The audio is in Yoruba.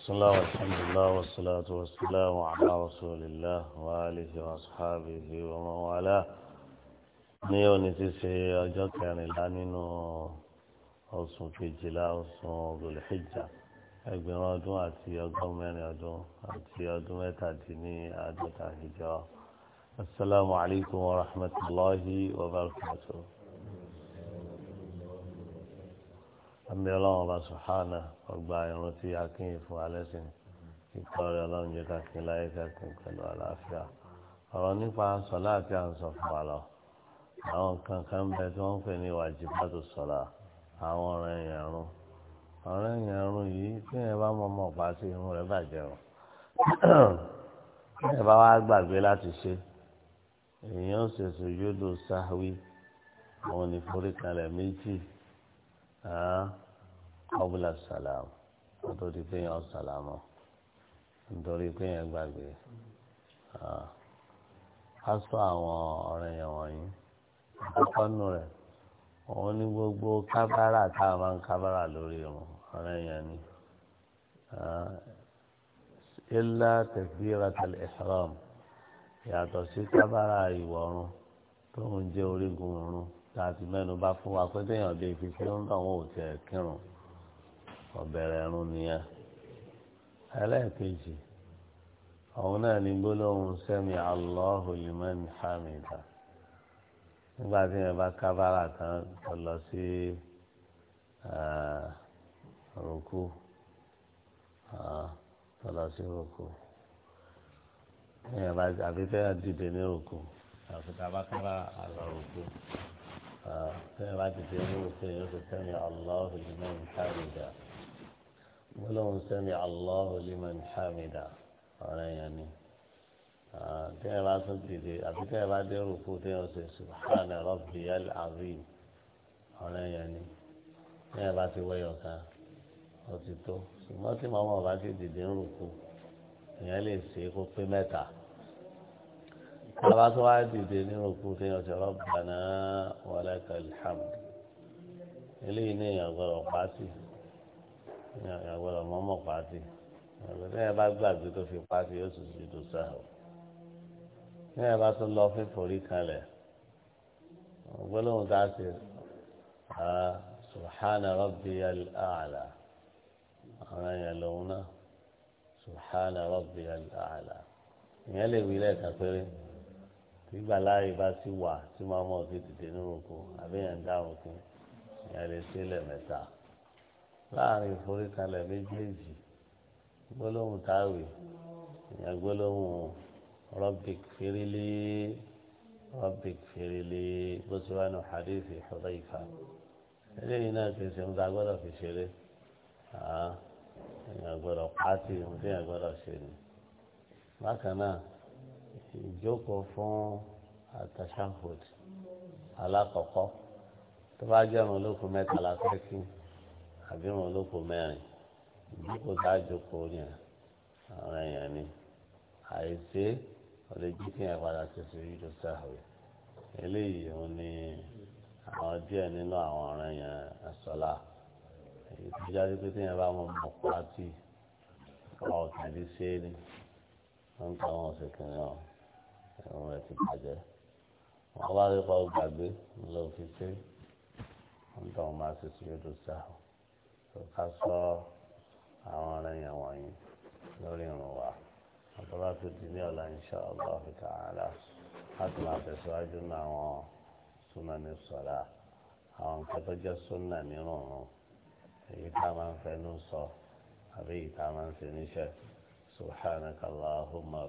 بسم الله والحمد لله والصلاة والسلام على رسول الله وآله وأصحابه ومن والاه ní òní ti ṣe ọjọ́ kẹrìnlá nínú oṣù kejìlá oṣù olùhìjà ẹgbẹ̀rún ọdún àti ọgọ́rùn mẹ́rin ọdún àti ọdún mẹ́tàdínní àádọ́ta ìjọ asalaamualeykum wa rahmatulahi wa barakatuh. àmì ọlọ́run ọba sùhánà ọgbà irun tí a kí fún alẹ́ sí ni ìkọ́ rẹ̀ ọlọ́run jẹ́ káàkiri láyé káàkiri pẹ̀lú àlàáfíà ọ̀rọ̀ nípa sọ̀lá àti àǹsọ̀ fún wa lọ àwọn kan kan bẹ tí wọ́n ń pè ní wàjibátù sọ̀lá àwọn ọ̀rẹ́ yẹn rún ọ̀rẹ́ yẹn rún yìí tí yẹn bá mọ̀ mọ̀ pa sí irun rẹ̀ bàjẹ́ o tí bá wá gbàgbé láti ṣe èèyàn ṣèṣe yóò lò sáwí àwọn oníforíkalẹ̀ méjì ọ̀bùlà sàlám nítorí pé yẹn sàlámọ̀ nítorí pé yẹn gbàgbé aṣọ ah. àwọn ọ̀rẹ́ yẹn wọ̀nyí àkọ́kọ́ nù rẹ̀ òun ní gbogbo kábàárà tá a máa ń kábàárà lórí irun ọ̀rẹ́ yẹn ni ah. ilá takbiratul ihram yàtọ̀ sí kábàárà ìwọ̀run tó ń jẹ́ orígun ọ̀run tá a ti mẹ́nu bá fún wa pé téèyàn lè fi kí ń dàwọn ò tẹ̀ kírun ọ̀bẹ̀rẹ̀ ẹ̀rùn nìyẹn ẹlẹ́ẹ̀kejì àwọn náà ní gbólóhùn sẹ́mi Allahu liman hamida nígbà tí yẹn bá kábàrà tán tó eh, ah, lọ sí rúkú lọ sí rúkú àbí tẹ́yà dìde ní rúkú àfi kábàkárà àlọ́ rúkú fẹ́ẹ́ bá ti tẹ̀lé òfin yóò fi sẹ́mi aláhu liman hamida gbọ́dọ̀ sẹ́mi aláhu liman hamida ọ̀rẹ́ yẹn ni tẹ́ẹ̀ bá tún dìde àti tẹ́ẹ̀ bá dé rúkú tẹ́ẹ̀ ọ̀sẹ̀ subhana rabbiyal azim ọ̀rẹ́ yẹn ni tẹ́ẹ̀ bá ti wẹ́yọ̀ kan ó ti tó ṣùgbọ́n tí màmá ọ̀bá ti dìde ń rúkú ìyẹn lè ṣe kó pé mẹ́ta bàbá tó wá dìde nínú òkú fi hàn sí rabbana wa lakal hamd eléyìí ní èèyàn gbọ́dọ̀ pàtì èèyàn gbọ́dọ̀ mọ́mọ́ pàtì ẹgbẹ́ yẹn bá gbàgbé tó fi pàtì yóò sì sì tó sáà o ní ẹ bá tó lọ fún forí kalẹ̀ gbólóhùn tá a ṣe subhana rabbiyal a'la àwọn èèyàn lòun náà subhana rabbiyal a'la ìyẹn lè wí lẹ́ẹ̀kan péré nígbà láàyè bá sì wà tí máa mọ̀ sí tètè nínú oko àbíyàn dáhùn fún ìyá lè ṣe lẹ́ẹ̀mẹ́ta láàrin ìforíkalẹ̀ méjèèjì gbólóhùn táwì ìyá gbólóhùn rọ́bìk fèrèlé rọ́bìk fèrèlé bó ti wá nù hadithi Hudhayfa eléyìí náà kì í ṣe ń ta gbọ́dọ̀ fi ṣeré ìyá gbọ́dọ̀ pàtì ohun tí ìyá gbọ́dọ̀ ṣe ni bákan náà ìjókòó fún àtàṣàhùd alákọ̀ọ́kọ́ tó bá jẹ́ ọ̀run olóko mẹ́ta la fẹ́ kí àbí ọ̀run olóko mẹ́rin ìjókòó tá a jókòó yẹn àwọn èèyàn ni àìsí ọ̀lẹ́jì kí yẹn padà tẹ̀sí ìjọ sáhùd eléyìí òun ni àwọn díẹ̀ nínú àwọn ọ̀ràn yẹn ẹ̀sọ́lá ìtújáde pé tí yẹn bá mọ mọ̀ pátì ọ̀tẹ̀lẹ́sẹ̀ ni wọ́n ń pa àwọn ọ̀sẹ̀ àwọn ẹ̀sìn bàjẹ́ wọn bá rí pa gbàgbé lọ fi ṣe ń tọ́ wọn máa ṣe sùjúdù sáà tó ká sọ àwọn ọ̀rẹ́ yẹn wọ̀nyí lórí ìrùn wa àtọ́lá tó di ní ọ̀la insha Allah ta'ala láti máa tẹ̀síwájú ní àwọn súnà ní sọ̀rá àwọn nǹkan tó jẹ́ súnà nírùn èyí tá a máa ń fẹnu sọ àbí èyí tá a máa ń ṣe níṣẹ́ subhanaka Allahumma wa